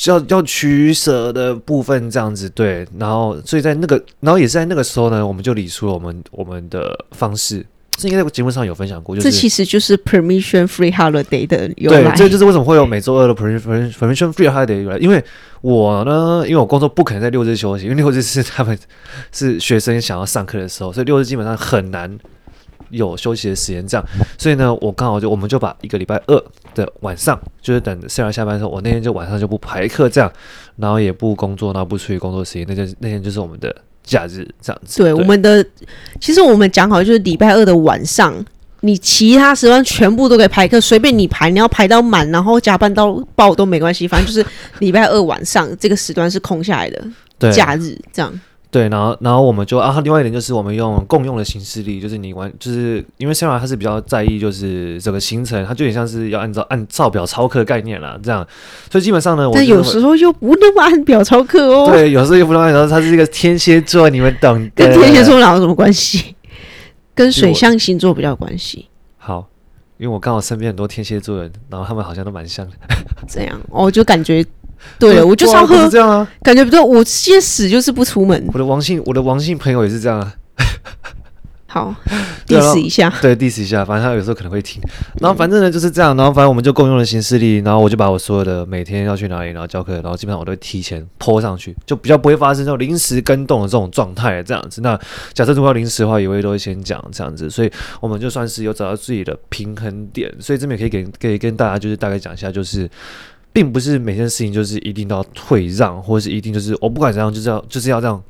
要要取捨的部分，這樣子，對，然後所以在那個，然後也是在那個時候呢，我們就理出了我們我們的方式，是應該在節目上有分享過，就是、這其實就是 permission free holiday 的由來，對，這就是為什麼會有每週二的 per, permission free holiday 由來，因為我呢，因為我工作不可能在六日休息，因為六日是他們是學生想要上課的時候，所以六日基本上很難。有休息的時間，這樣，所以呢，我剛好就我們就把一個禮拜二的晚上，就是等 Sara 下班之後，我那天就晚上就不排課，這樣，然後也不工作，然後不出於工作時間，那就那天就是我們的假日，這樣子。對，對我們的其實我們講好就是禮拜二的晚上，你其他時段全部都可以排課，隨便你排，你要排到滿，然後加班到爆都沒關係，反正就是禮拜二晚上 這個時段是空下來的，對假日這樣。對，然後，然後我們就啊，另外一點就是我們用共用的行事曆，就是你玩，就是因為雖然他是比較在意，就是整個行程，他就很像是要按照按照表操課概念啦，這樣，所以基本上呢，我。但有時候又不那麼按表操課哦。對，有時候又不那按照他是一個天蠍座，你們懂跟天蠍座哪有什麼關係？跟水象星座比較有關係。好，因為我剛好身邊很多天蠍座人，然後他們好像都蠻像的。 這樣，我、哦、就感覺。對、嗯、我就常喝是這樣、啊，感覺不對。我直接死就是不出門。我的王姓，我的王姓朋友也是這樣啊。 好 d i s s 一下，對 d i s s 一下。反正他有時候可能會停，然後反正呢就是這樣，然後反正我們就共用了行事曆，然後我就把我所有的每天要去哪裡，然後教課，然後基本上我都會提前 po 上去，就比較不會發生那種臨時更動的這種狀態這樣子。那假設如果要臨時的話，也會都會先講這樣子，所以我們就算是有找到自己的平衡點，所以這邊也可以給可以跟大家就是大概講一下，就是。並不是每件事情就是一定都要退讓，或者是一定就是我、哦、不管怎樣就是要就是要這樣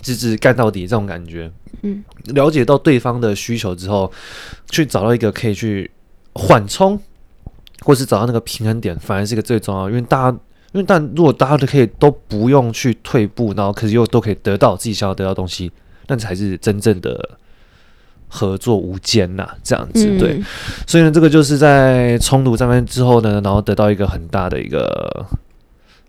直直幹到底這種感覺。嗯，了解到對方的需求之後，去找到一個可以去緩衝，或是找到那個平衡點，反而是一個最重要。因為大家，因為但如果大家都可以都不用去退步，然後可是又都可以得到自己想要得到東西，那才是真正的。合作無間吶，這樣子、嗯、對，所以呢，這個就是在衝突上面之後呢，然後得到一個很大的一個，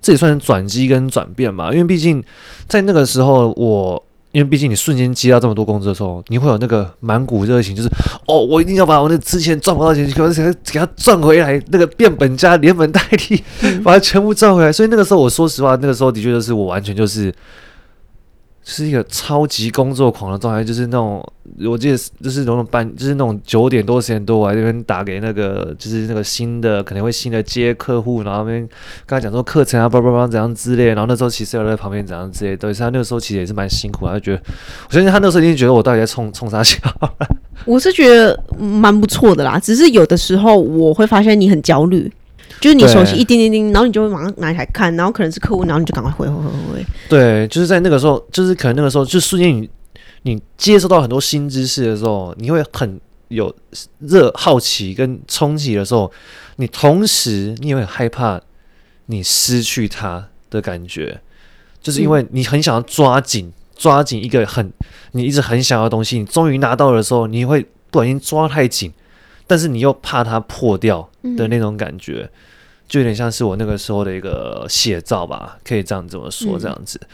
這也算是轉機跟轉變嘛。因為畢竟在那個時候，我因為畢竟你瞬間接到這麼多工作的時候，你會有那個滿股熱情，就是哦，我一定要把我那之前賺不到錢，給它給他賺回來，那個變本加厲，連本帶利，把它全部賺回來。所以那個時候，我說實話，那個時候的確就是我完全就是。就是一個超級工作狂的狀態，就是那種我記得就是那種班，就是那種九點多十點多，我還在那邊打給那個就是那個新的，可能會新的接客戶，然後那邊跟他講說課程啊，叭叭叭怎樣之類，然後那時候其實有在旁邊怎樣之類，但是他那個時候其實也是蠻辛苦，他就覺得，我相信他那個時候一定覺得我到底在衝衝啥小。我是覺得蠻不錯的啦，只是有的時候我會發現你很焦慮。就是你手機一叮叮叮，然後你就會馬上拿起來看，然後可能是客戶，然後你就趕快回回回回。對，就是在那個時候，就是可能那個時候，就瞬間你你接受到很多新知識的時候，你會很有熱好奇跟衝擊的時候，你同時你也會害怕你失去它的感覺，就是因為你很想要抓緊、嗯、抓緊一個很你一直很想要的東西，你終於拿到的時候，你會不小心抓太緊。但是你又怕它破掉的那種感覺、嗯，就有點像是我那個時候的一個寫照吧，可以這樣這麼說，這樣子、嗯。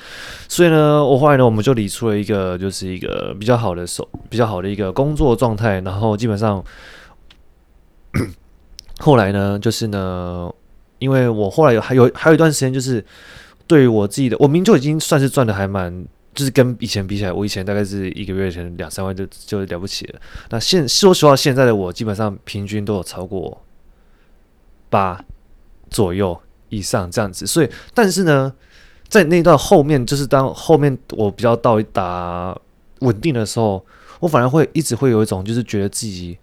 所以呢，我後來呢，我們就理出了一個，就是一個比較好的手，比較好的一個工作狀態。然後基本上， 後來呢，就是呢，因為我後來有還有還有一段時間，就是對於我自己的，我明明就已經算是賺的還蠻。就是跟以前比起來，我以前大概是一個月存兩三萬就就了不起了。那現說實話，現在的我基本上平均都有超過八左右以上這樣子。所以，但是呢，在那段後面，就是當後面我比較到達穩定的時候，我反而會一直會有一種就是覺得自己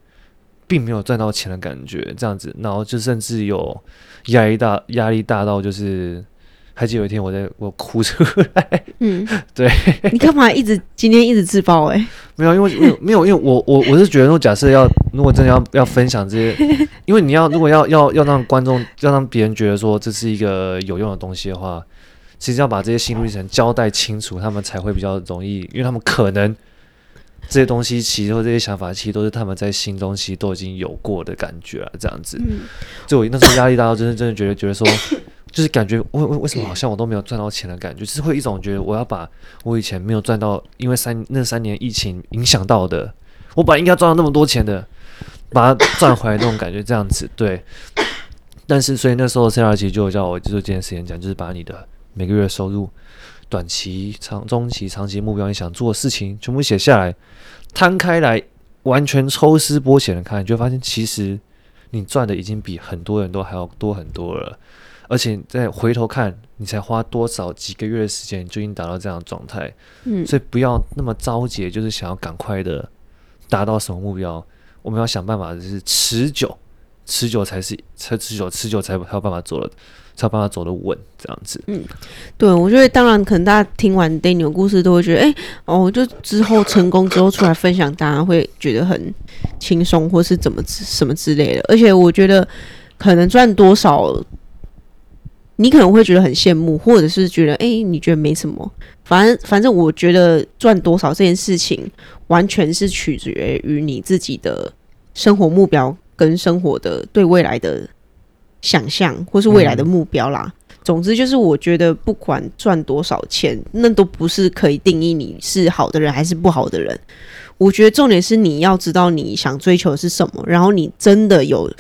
並沒有賺到錢的感覺，這樣子，然後就甚至有壓力大壓力大到就是。還記得有一天我在我哭出來，嗯，對，你幹嘛一直 今天一直自爆誒、欸，沒有，因為我沒有，因為我我我是覺得說，假設要如果真的要要分享這些， 因為你要如果要要要讓觀眾要讓別人覺得說這是一個有用的東西的話，其實要把這些心路歷程交代清楚，他們才會比較容易，因為他們可能這些東西其實或這些想法其實都是他們在心中其實都已經有過的感覺了、啊，這樣子。嗯，就我那時候壓力大到真的真的覺得覺得說。 就是感覺，為為為什麼好像我都沒有賺到錢的感覺，就是會一種覺得我要把我以前沒有賺到，因為三那三年疫情影響到的，我本來應該賺到那麼多錢的，把它賺回來那種感覺這樣子，對。但是所以那時候 C R 其實就叫我做這件事情講，就是把你的每個月收入、短期、長、中期、長期目標，你想做的事情全部寫下來，攤開來，完全抽絲剝繭的看，你就發現其實你賺的已經比很多人都還要多很多了。而且再回頭看，你才花多少幾個月的時間就已經達到這樣的狀態，嗯，所以不要那麼着急，就是想要趕快的達到什麼目標。我們要想辦法，就是持久，持久才是才持久，持久才有才有辦法走得，才有辦法走得穩，這樣子。嗯，對，我覺得當然可能大家聽完 Daniel 的故事都會覺得，哎、欸，哦，就之後成功之後出來分享， 大家會覺得很輕鬆，或是怎麼什麼之類的。而且我覺得可能賺多少。你可能會覺得很羨慕，或者是覺得誒、欸，你覺得沒什麼。反正反正，我覺得賺多少這件事情，完全是取決於你自己的生活目標跟生活的對未來的想象，或是未來的目標啦。嗯、總之，就是我覺得不管賺多少錢，那都不是可以定義你是好的人還是不好的人。我覺得重點是你要知道你想追求的是什麼，然後你真的有。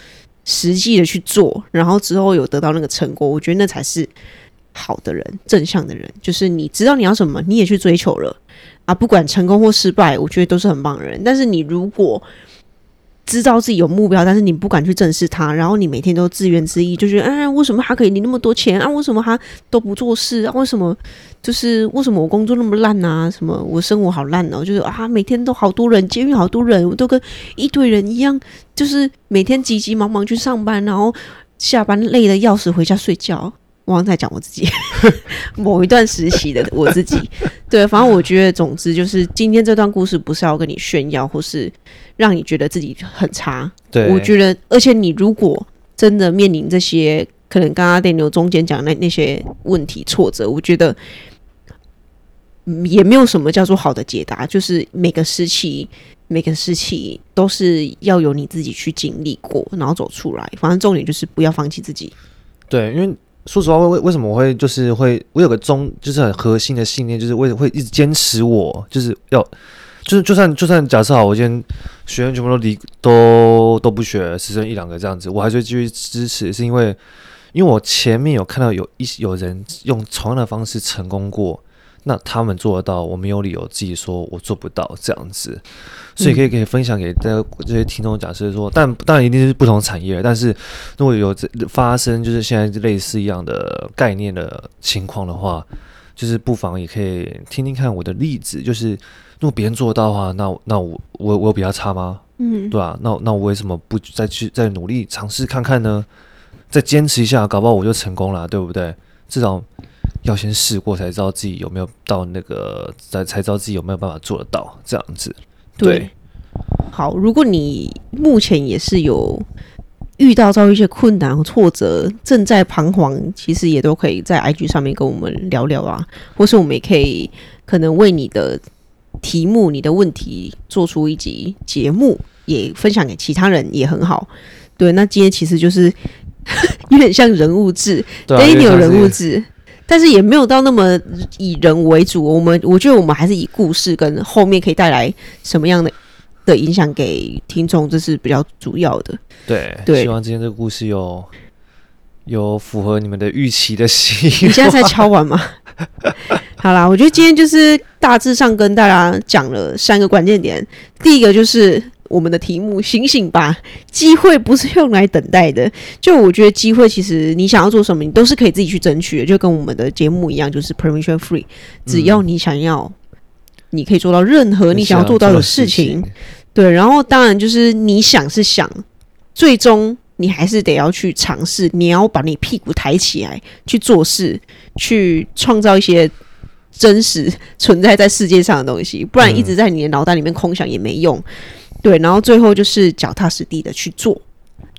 實際的去做，然後之後有得到那個成果，我覺得那才是好的人，正向的人。就是你知道你要什麼，你也去追求了啊，不管成功或失敗，我覺得都是很棒的人。但是你如果……知道自己有目標，但是你不敢去正視它，然後你每天都自怨自艾，就覺得，哎，為什麼他可以領那麼多錢啊？為什麼他都不做事啊？為什麼就是為什麼我工作那麼爛啊？什麼我生活好爛哦、喔？就是啊，每天都好多人，監獄好多人，我都跟一堆人一樣，就是每天急急忙忙去上班，然後下班累的要死，回家睡覺。我在講我自己 某一段實習的我自己，對，反正我覺得，總之就是今天這段故事不是要跟你炫耀，或是讓你覺得自己很差。對，我覺得，而且你如果真的面臨這些，可能剛剛 Daniel 中間講的那那些問題挫折，我覺得也沒有什麼叫做好的解答，就是每個時期每個時期都是要由你自己去經歷過，然後走出來。反正重點就是不要放棄自己。對，因為。說實話，為為為什麼我會就是會，我有個中，就是很核心的信念，就是為什麼會一直堅持我，就是要，就是就算就算假設好，我今天學員全部都離都都不學，只剩一兩個這樣子，我還是會繼續支持，是因為，因為我前面有看到有一有人用同樣的方式成功過。那他們做得到，我沒有理由自己說我做不到這樣子，所以可以可以分享給大家這些聽眾講，假設說，嗯、但當然一定是不同產業，但是如果有發生就是現在類似一樣的概念的情況的話，就是不妨也可以聽聽看我的例子，就是如果別人做得到的話，那那我我我有比較差嗎？嗯，對吧、啊。那那我為什麼不再去再努力嘗試看看呢？再堅持一下，搞不好我就成功了、啊，對不對？至少。要先試過，才知道自己有沒有到那個，才才知道自己有沒有辦法做得到這樣子對。對，好，如果你目前也是有遇到遭遇，一些困難和挫折，正在彷徨，其實也都可以在 IG 上面跟我們聊聊啊，或是我們也可以可能為你的題目、你的問題做出一集節目，也分享給其他人也很好。對，那今天其實就是呵呵有點像人物志，對、啊，你有人物志。但是也沒有到那麼以人為主，我們我覺得我們還是以故事跟後面可以帶來什麼樣的的影響給聽眾，這是比較主要的對。對，希望今天這個故事有有符合你們的預期的戲。你現在才敲完嗎？ 好啦，我覺得今天就是大致上跟大家講了三個關鍵點，第一個就是。我們的題目，醒醒吧！機會不是用來等待的。就我覺得，機會其實你想要做什麼，你都是可以自己去爭取的。就跟我們的節目一樣，就是 Permission Free，只要你想要，嗯、你可以做到任何你想要做到的事情、嗯。對，然後當然就是你想是想，最終你還是得要去嘗試，你要把你屁股抬起來去做事，去創造一些真實存在在世界上的東西，不然一直在你的腦袋裡面空想也沒用。嗯對，然後最後就是腳踏實地的去做，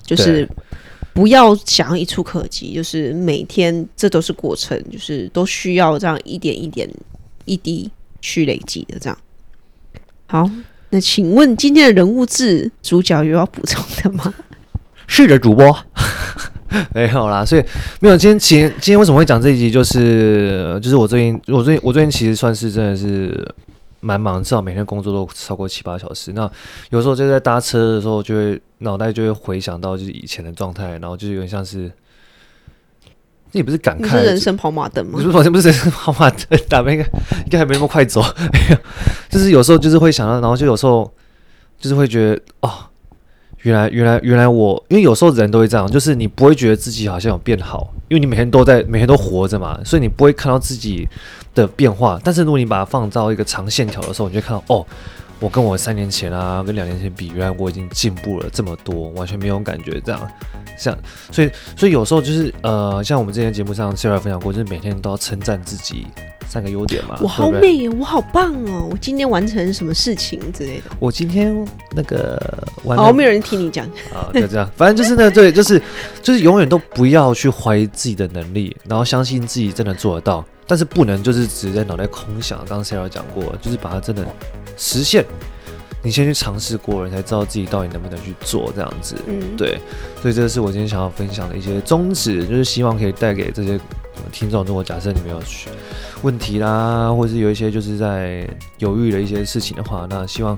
就是不要想要一蹴可及，就是每天這都是過程，就是都需要這樣一點一點一滴去累積的，這樣，好，那請問今天的人物志主角有要補充的嗎？是的，主播 沒有啦，所以沒有。今天，今天今天為什麼會講這一集？就是就是我最近，我最近，我最近其實算是真的是。蠻忙，至少每天工作都超過七八小時。那有時候就在搭車的時候，就會腦袋就會回想到就是以前的狀態，然後就有點像是，你不是感慨，是人生跑馬燈嗎？不？不是，好像不是人生跑馬燈，大概應該應該還沒那麼快走。沒有，就是有時候就是會想到，然後就有時候就是會覺得哦，原來原來原來我，因為有時候人都會這樣，就是你不會覺得自己好像有變好，因為你每天都在每天都活着嘛，所以你不會看到自己。的變化，但是如果你把它放到一個長線條的時候，你就會看到哦，我跟我三年前啊，跟兩年前比，原來我已經進步了這麼多，完全沒有感覺這樣。像所以所以有時候就是呃，像我們之前節目上 Sara 分享過，就是每天都要稱讚自己三個優點嘛。我好美對對，我好棒哦！我今天完成什麼事情之類的。我今天那個完哦，沒有人聽你講 啊，就這樣。反正就是那對，就是就是永遠都不要去懷疑自己的能力，然後相信自己真的做得到。但是不能就是只在腦袋空想，剛剛 Sara 講過，就是把它真的實現。你先去嘗試過了，你才知道自己到底能不能去做這樣子。嗯，對。所以這個是我今天想要分享的一些宗旨，就是希望可以帶給這些、嗯、聽眾，如果假設你們有問題啦，或者是有一些就是在猶豫的一些事情的話，那希望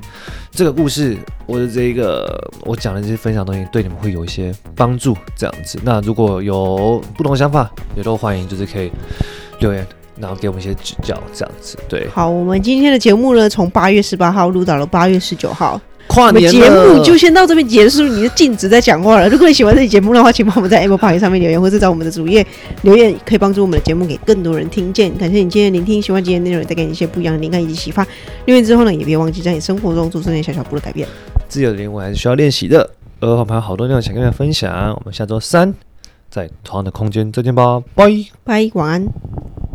這個故事，或者這一個我講的這些分享東西，對你們會有一些幫助這樣子。那如果有不同的想法，也都歡迎，就是可以留言。然後給我們一些指教，這樣子對。好，我們今天的節目呢，從八月十八號錄到了八月十九號，跨年節目就先到這邊結束。你就禁止在講話了。如果你喜歡這期節目的話，請幫我們在 Apple Podcast 上面留言，或者是找我們的主頁留言，可以幫助我們的節目給更多人聽見。感謝你今天的聆聽，希望今天內容帶給你一些不一樣的靈感以及啟發。留言之後呢，也別忘記在你生活中做出那些小小步的改變。自由的靈魂還是需要練習的。呃，我們還有好多內容想跟大家分享，我們下週三在同樣的空間再見吧，拜拜，Bye, 晚安。